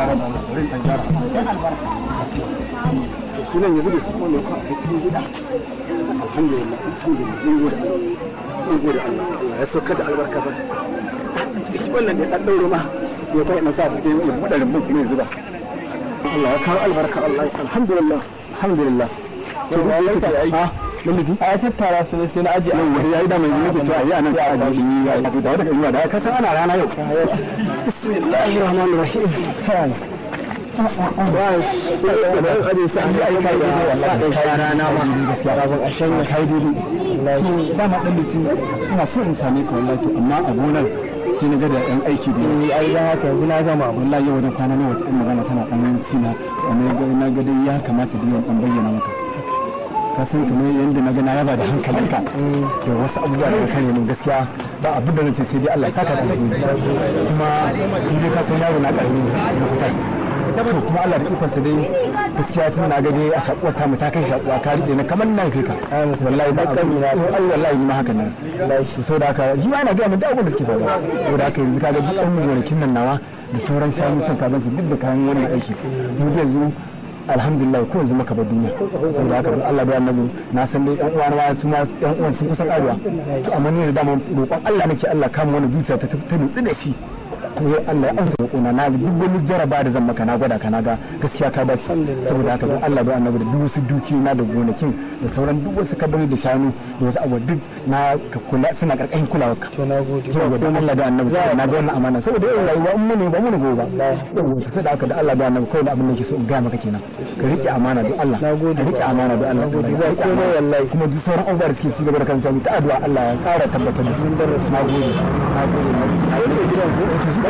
gyara da wani rin da su a cikin gida alhamdulillah alhamdulillah gode gode Allah ya sauka da albarka ba shi wannan da ma ya kai na sa su dai wannan budarin zuba Allah ya kawo albarka Allah alhamdulillah alhamdulillah to ta namiji tattara sai na aje yau yayi da mai nake cewa yi anan a da da ka ana rana yau a gonar na gada ɗan aiki da ai haka yanzu na gama yau da kwana nawa tana ɗan na ga ya kamata da yau bayyana maka kasan kamar yadda na gana yaba da hankalinka da wasu abubuwa da kare mun gaskiya ba abu da nace sai dai Allah saka da kuma shi dai kasan yaro na karni na fitar to kuma Allah da sa dai gaskiya tun na gaje a shakuwar ta mutaka ta kai shakuwa ka rike na kamar nan kai ka wallahi ba kai na ai wallahi ni ma haka nan to saboda haka ji ma na ga mun da abin da suke faɗa saboda haka yanzu ga duk ɗan gonakin nan nawa da sauran shanu can ka zan duk da kayan wannan aiki mu yanzu alhamdulillah ko yanzu maka ba duniya saboda haka Allah da annabi na san dai ɗan uwana su ma ɗan uwan sun kusa ƙaruwa to amma ni da dama roƙon Allah nake Allah kama wani zuciya ta ta nutsu da shi to ya Allah ya ansa kuna na duk wani jaraba da zan maka na gwada ka na ga gaskiya ka baki saboda haka Allah bai annabi da duk wasu duki na da gonakin da sauran duk wasu kabari da shanu da wasu abu duk na kula suna karkashin kulawa ka to nagode to don Allah da annabi na ga wannan amana saboda yau rayuwa in mune ba mun gobe ba ta sai da Allah da annabi kai da abin da yake so in ga maka kenan ka rike amana da Allah ka rike amana da Allah wallahi kuma duk sauran abubuwa da suke ci gaba da kan ta addu'a Allah ya kara tabbatar da su nagode nagode nagode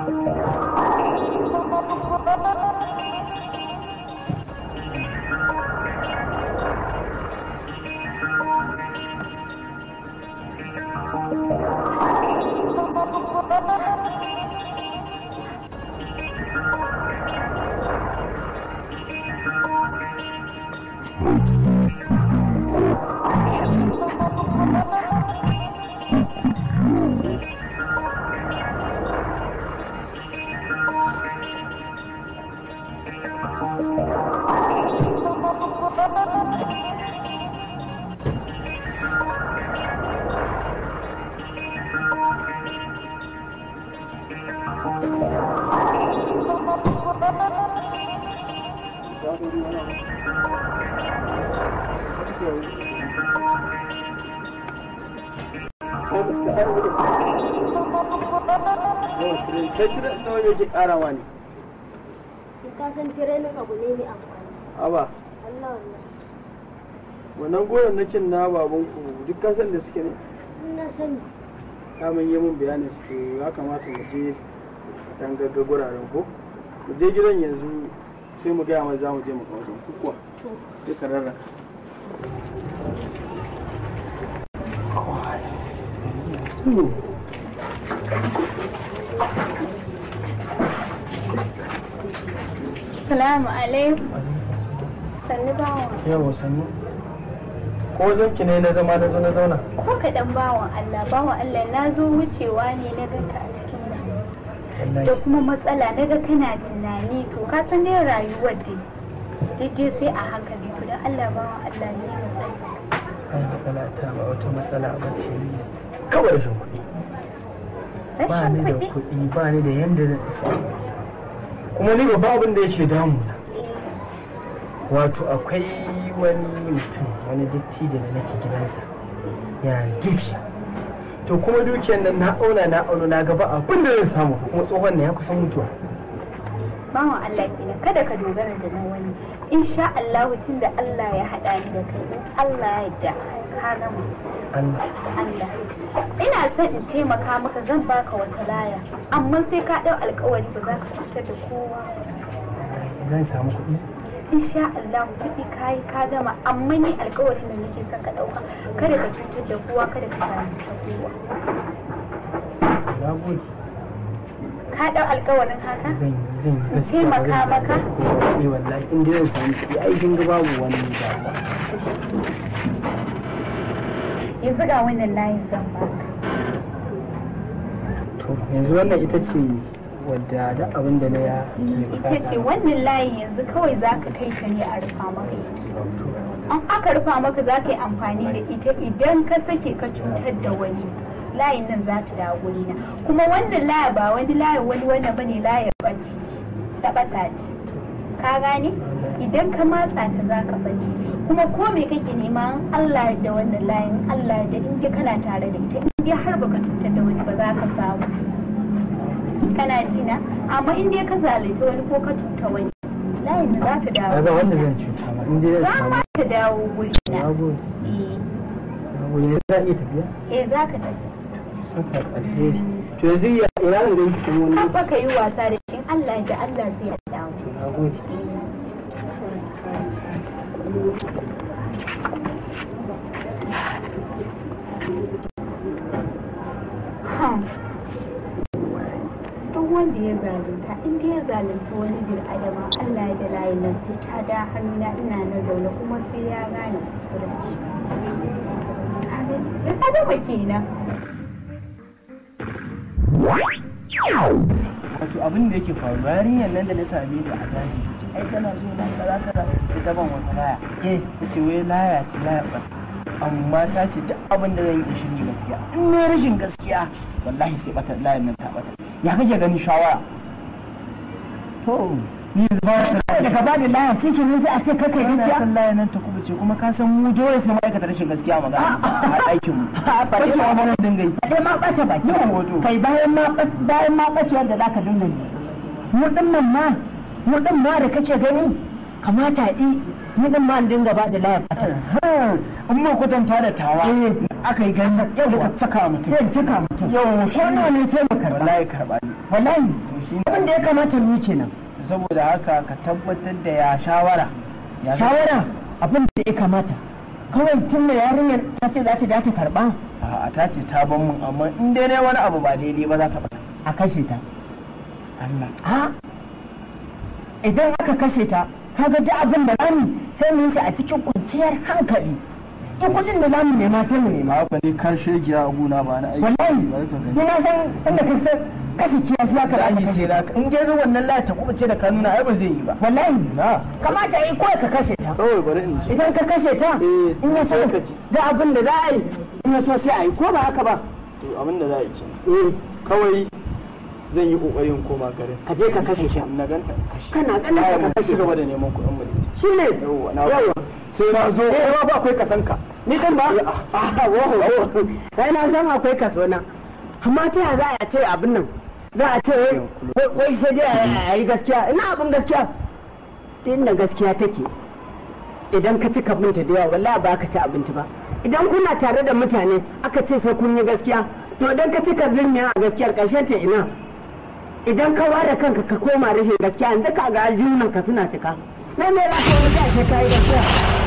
Thank you. ne wannan goyon na cin na baban ku duk ka san da suke ne na sani ka mun yi mun bayani suke ya kamata mu je dan gagga guraren ko mu je gidan yanzu sai mu gaya mai za mu je mu kawo kuwa sai ka rarraka Salamu alaikum. Sannu bawan. Yawa sannu. Ko zanki ne na zama na zo na zauna? Ko kaɗan bawan Allah, bawan Allah na zo wucewa ne na ganka a cikin nan. Da kuma matsala na ga kana tunani to ka san dai rayuwar dai. Daidai sai a hankali to da Allah bawan Allah ne matsala. Ai matsala ta ba wata matsala ba ce ne. kawai rashin kuɗi ba ni da kuɗi ba ni da yadda zan isa kuma ni babban abin da yake damuna wato akwai wani mutum wani dattijo da nake gidansa ya dukiya to kuma dukiyar nan na auna na auna na gaba abin da zan samu kuma tsohon na ya kusan mutuwa bawan Allah kenan kada ka dogara da na wani sha Allah tun da Allah ya haɗa ni da kai in Allah ya yarda Halamu. Allah. Ina son in taimaka maka zan baka wata laya, amma sai ka ɗau alkawari ba za ka fitar da kowa. Zan samu kuɗi? Insha Allah kuɗi ka yi ka gama, amma ni alkawarin da nake son ka ɗauka, kada ka cutar da kowa, kada ka zalunta kowa. Na Ka ɗau alkawarin haka? Zan yi, zan yi. Taimaka maka? Eh wallahi, in dai zan samu kuɗi, ai kin ga babu wani damuwa. yanzu ga wannan layin zan ka. to yanzu wannan ita ce wadda da abin da na ya ita ce wannan layin yanzu kawai za ka kai ka ne a rufa maka an aka rufa maka za ka yi amfani da ita idan ka sake ka cutar da wani layin nan za ta dawo na kuma wannan laya ba wani layin wani wannan bane layin bacci ta bata ce ka gane idan ka matsa ta za ka bace kuma ko mai kake nema Allah da wannan layin Allah da in kana tare da ita in har baka cutar da wani ba za ka samu kana ji na amma in dai ka zalunta wani ko ka cuta wani layin za ta dawo ba wanda zan cuta ba in dai za ta dawo guri na eh za tafiya eh za ka tafi saka to yanzu ya ina da wani ka yi wasa da shi Allah da Allah zai dawo na gode duk wanda ya zalunta in ya zalunta wani bil adama Allah ya da layi na sai ta da hannu ina na zaune kuma sai ya gane kuskuren shi bil adama kenan wato abin da yake faruwa yarinyar nan da na same ta a daji ce ai tana zo nan kaza kaza ta ban wata laya eh ta ce wai laya ce laya ba amma ta ce duk abin da zan yi shi ne gaskiya in ne rashin gaskiya wallahi sai bata layar nan ta bata ya kake gani shawara to da ka bani laya shi ke sai a ce kakai gaskiya san laya nan ta ce kuma ka san mu dole sai mu rashin gaskiya magana a aikin mu bace wa bana dinga yi dai ma bace ba yawan hoto kai bayan ma bayan ma bace wanda zaka dinga yi mu din nan ma mu din ma da kace gani kamata i mu din ma dinga ba da laya ha amma kwatanta da tawa eh. aka yi gani yau da saka mutum sai saka mutum yau ko ne ne sai mu karba wallahi karba wallahi abin da ya kamata mu kenan saboda haka ka tabbatar da ya shawara shawara abin da ya kamata kawai tun da yarinyar ta ce za ta da ta karba a ta ce ta ban mun amma in dai ne wani abu ba daidai ba za ta bata a kashe ta Allah a, idan aka kashe ta ka duk abin da zamu sai mu yi shi a cikin kwanciyar hankali duk kudin da zamu nema sai mu nema ba ne karshe giya a guna ba na aiki wallahi kuma san inda ka san kashe kiya shi zaka sai naka in zo wannan layi ta ce da kanuna ai ba zai yi ba wallahi na kamata ai ko ka kashe ta kawai bari in ji idan ka kashe ta eh, in ya so da abin da za a yi in ya so sai a yi ko ba haka ba to abin da za a yi eh kawai zan yi kokarin koma garin ka je ka kashe shi na ganta kana ganin ka kashe gaba da neman kuɗin mu shine yawa yawa sai na zo eh ba akwai kasanka ni kan ba a wo kai na san akwai kaso na amma ta za a ce abin nan za a ce wai sai dai a yi gaskiya ina abin gaskiya ta inda gaskiya take idan ka ci kabinta da yawa wallahi ba ka ci abinci ba idan kuna tare da mutane aka ce sai kun yi gaskiya to idan ka ci kazirniya a gaskiyar karshen ta ina idan ka ware kanka ka koma rashin gaskiya yanzu ka ga aljihunanka ka suna cika na me lafiya wani da ka yi gaskiya